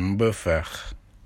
mbevaart